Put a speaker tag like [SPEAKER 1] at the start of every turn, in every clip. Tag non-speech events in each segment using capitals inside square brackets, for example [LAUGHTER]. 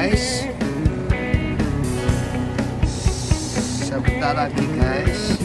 [SPEAKER 1] guys. Sebentar lagi guys.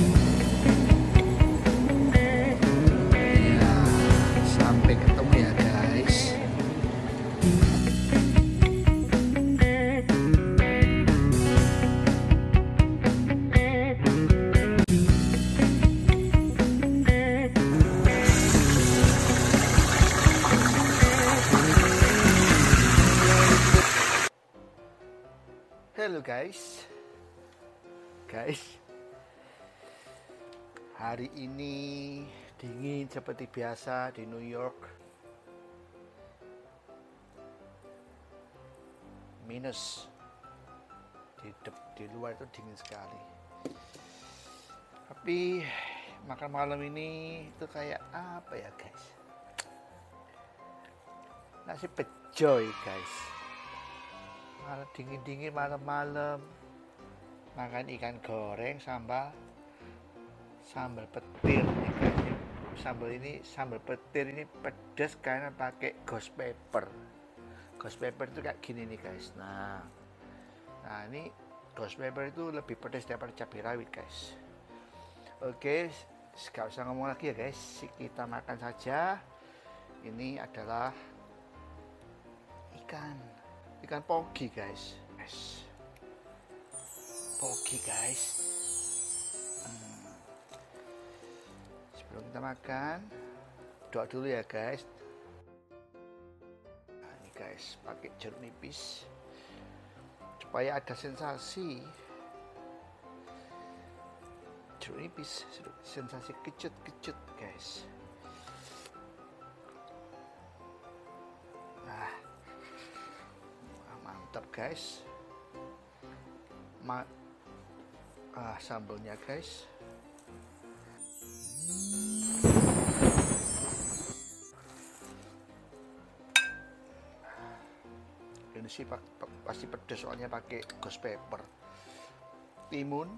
[SPEAKER 1] Halo guys. Guys. Hari ini dingin seperti biasa di New York. Minus di, de, di luar itu dingin sekali. Tapi makan malam ini itu kayak apa ya guys? Nasi pejoy guys malam dingin-dingin malam-malam makan ikan goreng sambal sambal petir guys kan. sambal ini sambal petir ini pedas karena pakai ghost pepper ghost pepper itu kayak gini nih guys nah nah ini ghost pepper itu lebih pedas daripada cabai rawit guys oke gak usah ngomong lagi ya guys kita makan saja ini adalah ikan ikan pogi guys es pogi guys hmm. sebelum kita makan doa dulu ya guys nah, ini guys pakai jeruk nipis supaya ada sensasi jeruk nipis sensasi kecut-kecut guys guys Ma ah, sambelnya guys ini sih pasti pedes soalnya pakai ghost pepper timun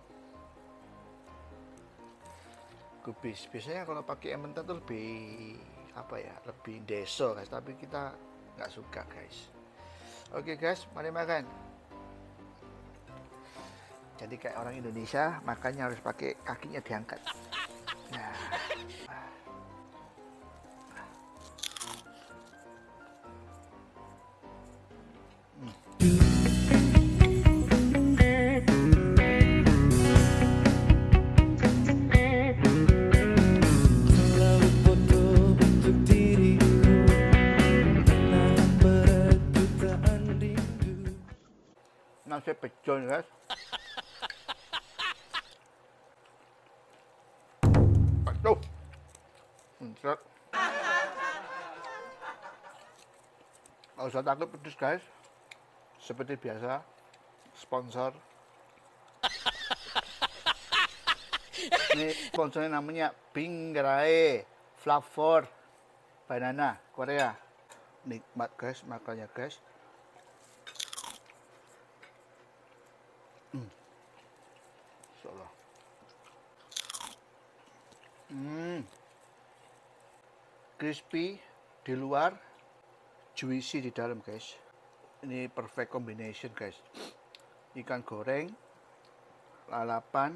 [SPEAKER 1] kubis biasanya kalau pakai emmental tuh lebih apa ya lebih deso guys tapi kita nggak suka guys Oke okay guys, mari makan. Jadi kayak orang Indonesia, makannya harus pakai kakinya diangkat. nasi pecel guys aduh mencret Gak usah takut pedes guys Seperti biasa Sponsor Ini sponsornya namanya Pinggrae Flavor Banana Korea Nikmat guys makanya guys Hmm. Insyaallah. Hmm. Crispy di luar, juicy di dalam, guys. Ini perfect combination, guys. Ikan goreng, lalapan,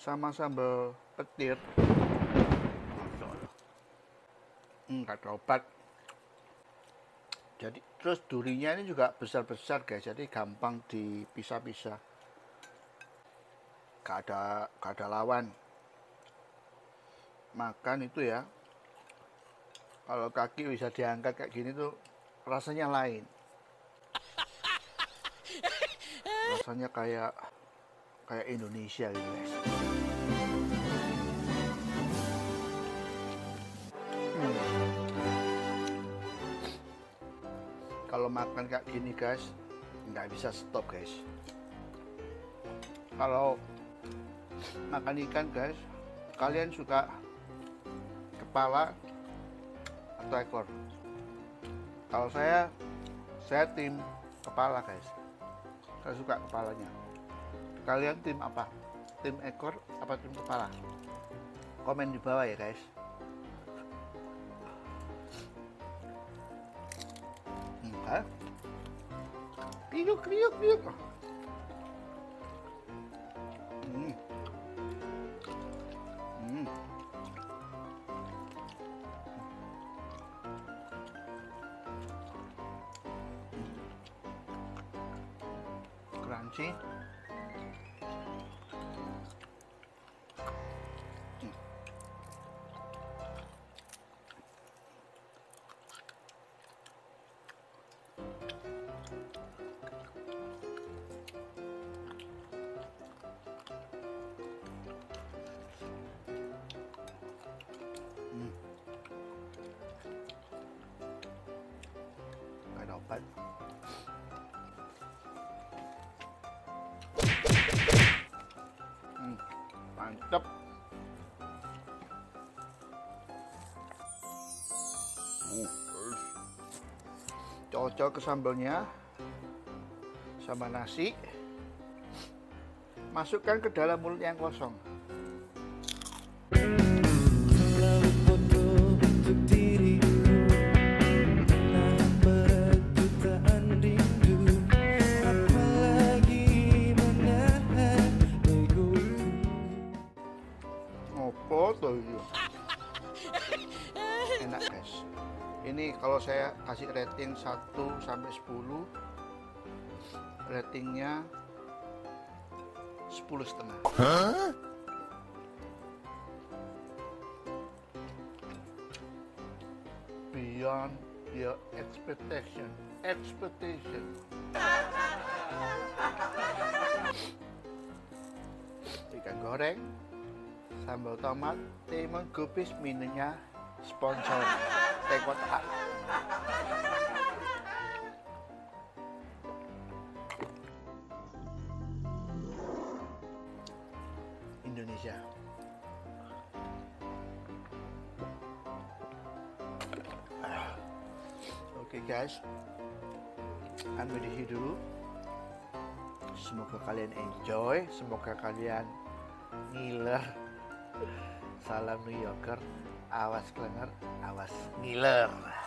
[SPEAKER 1] sama sambal petir. Hmm, gak obat jadi terus durinya ini juga besar-besar guys jadi gampang dipisah-pisah gak ada gak ada lawan makan itu ya kalau kaki bisa diangkat kayak gini tuh rasanya lain [LAUGHS] rasanya kayak kayak Indonesia gitu guys kalau makan kayak gini guys nggak bisa stop guys kalau makan ikan guys kalian suka kepala atau ekor kalau saya saya tim kepala guys saya suka kepalanya kalian tim apa tim ekor apa tim kepala komen di bawah ya guys eh. Piuc, piuc, mm. mm. Crunchy. makan hmm, uh, cocok ke sambalnya sama nasi masukkan ke dalam mulut yang kosong ini kalau saya kasih rating 1 sampai 10 ratingnya 10 setengah huh? beyond your expectation expectation ikan goreng sambal tomat timun kubis minumnya sponsor Indonesia. Oke okay guys, ambil dulu. Semoga kalian enjoy, semoga kalian ngiler. Salam New Yorker awas klenger, awas ngiler.